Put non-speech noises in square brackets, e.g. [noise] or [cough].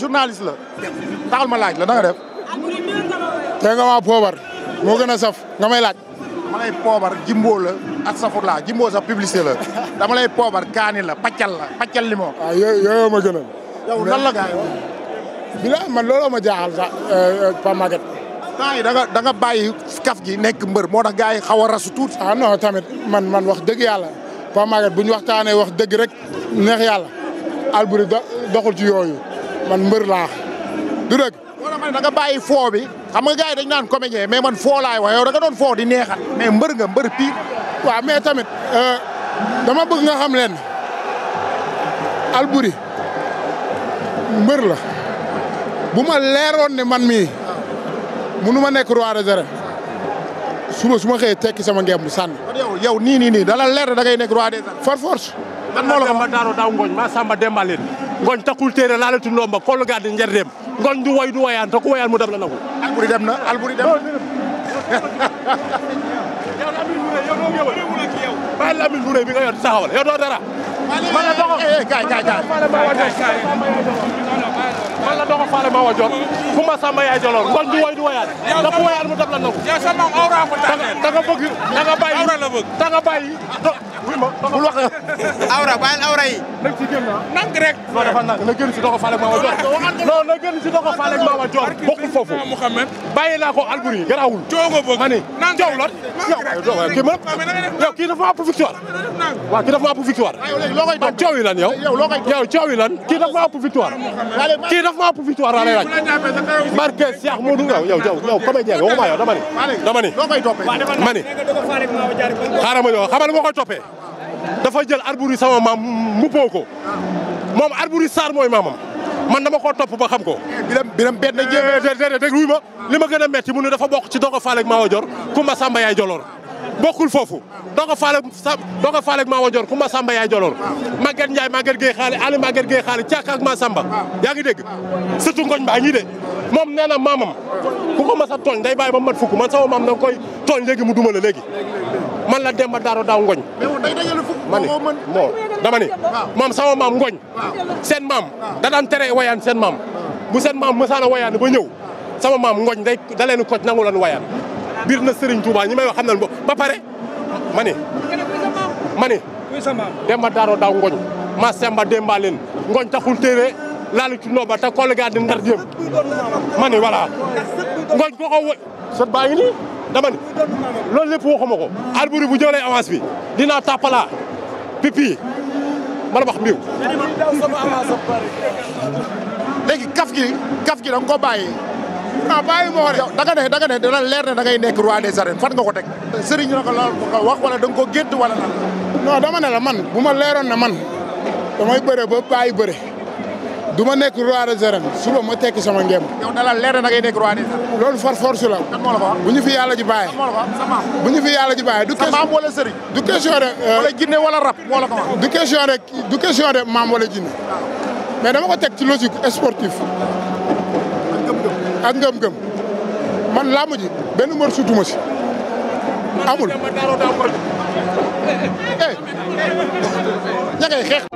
journaliste la taxal ma laaj la na nga def. te nga maa poobar moo gën a saf nga may laaj. ma lay poobar jimbo la ak safur la jimbo sax publicité la dama lay poobar kaani la paccal la paccal li moo. waaw ah, yooyu yooyu ma gënal. yow man looloo jaaxal sax euh, Pa Maguette. temps yi da nga bàyyi kaf gi nekk mbër moo tax gars yi xaw a rasu tuuti. ah non tamit man wax dëgg yàlla Pa Maguette bu ñu waxtaanee wax dëgg rek neex yàlla Alboury doxul ci yooyu. man mbër laa du dëgg. wala man da nga bàyyi foo bi xam nga gars yi dañ naan comédien mais man foo laay wax yow da doon foo di neexal mais mbër nga mbër pire. waa mais tamit euh, dama bëgg nga xam leen Alboury mbër la bu ma leeroon ne man mii munu ma nekk roi des arènes suba su ma xëyee tekki sama ngemb sànni. yow yow nii nii nii dala leer da ngay nekk roi des arènes. par man moo la ko ma daaro daaw ngooñ maa samba dembaleen ngooñ takkul téere laalatul ndomba kollu gaad di njer dem ngooñ du woy du woyaan te ku mu dab la man [laughs] la doxo eh, eh, faale ma wajoon fu ma sàmm yaay joloon ngooñ du woy du woyaat da ku mu dab la nagu yow sa moom bul wax awra bàyyil awra yi. lépp ci génn ah. nank rek. non dafa nank na génn si doxo Fallek Maama Diop. non na génn si doxo Fallek Maama Diop bokkul foofu. bàyyi naa ko Albouri garaawul. coow nga bëgg ma ne coow la. yow kii dafa ëpp wa waaw kii dafa ëpp coow yi lan yow. yow coow yi lan kii dafa ëpp victoire. kii dafa ëpp victoire laa lay laaj. barke Cheikh Modou yow yow yow comédien waxuma yow dama ni. dama ni ma ni xaaral ma ñëw xamal ma koy toppee dafa jël Alboury sama maam muppoo ko moom Alboury Sarr mooy maamam man dama koo topp ba xam ko. biram biram benn jéem a déglu ma li ma gën a metti mu ne dafa bokk ci Dogo Fall ak Mawa Dior Kumba Samba yaay Jolor bokkul foofu Dogo Fall ak sa Dogo Fall ak Mawa Dior Kumba Samba yaay Jolor. Maguette Ndiaye Maguette Gueye xaale Ali Maguette Gueye xaale Càkk Ma Samba yaa ngi dégg surtout ngoñ baa ñii de moom nee na maamam ku ko mas a tooñ day bàyyi ba mat fukk man sama maam da koy tooñ léegi mu la léegi man la dem ba Daaro ma ni moo dama ni moom sama maam ngooñ seen maam da daan tere wayaan seen maam bu sen maam mësaan a wayaan ba ñëw sama maam ngooñ da leen koj na lan wayaan biir na Serigne Touba ñi may wax xam nañ boobu ba pare ma ni ma ni Demba Daaro daaw ngooñ ma Samba Demba leen ngooñ taxul téere laalu nooba te kollegaa di ndar jéem ma ni ko ko sot baa ngi nii dama ni loolu lépp waxuma ko Alboury bu jëlee avance bi dinaa tàppalaa pipi mala wax mbiw léegi kaf gi kaf gi da ko bàyyi ah bàyyi moo de da nga ne da ne dana leer ne da ngay nekk roi des arènes nga ko teg sëriñ na ko la ko wax wala da nga ko gént wala lan non dama ne la man bu ma leeroon na man damay bëre ba bàyyi bëre du ma nekk roi des arènes suba ma tekki sama ngem. yow dalal na da ngay loolu far force la. bu ñu fi yàlla ji bàyyi. bu ñu fi yàlla ji bàyyi du. question maam wala sëriñ. du question rek. Euh, wala jinne wala rab maam wala jinne mais na ko teg ci logique sportif. ak ngëm-ngëm. man làmb ji benn mbër amul. Eh. ña ngay xeex.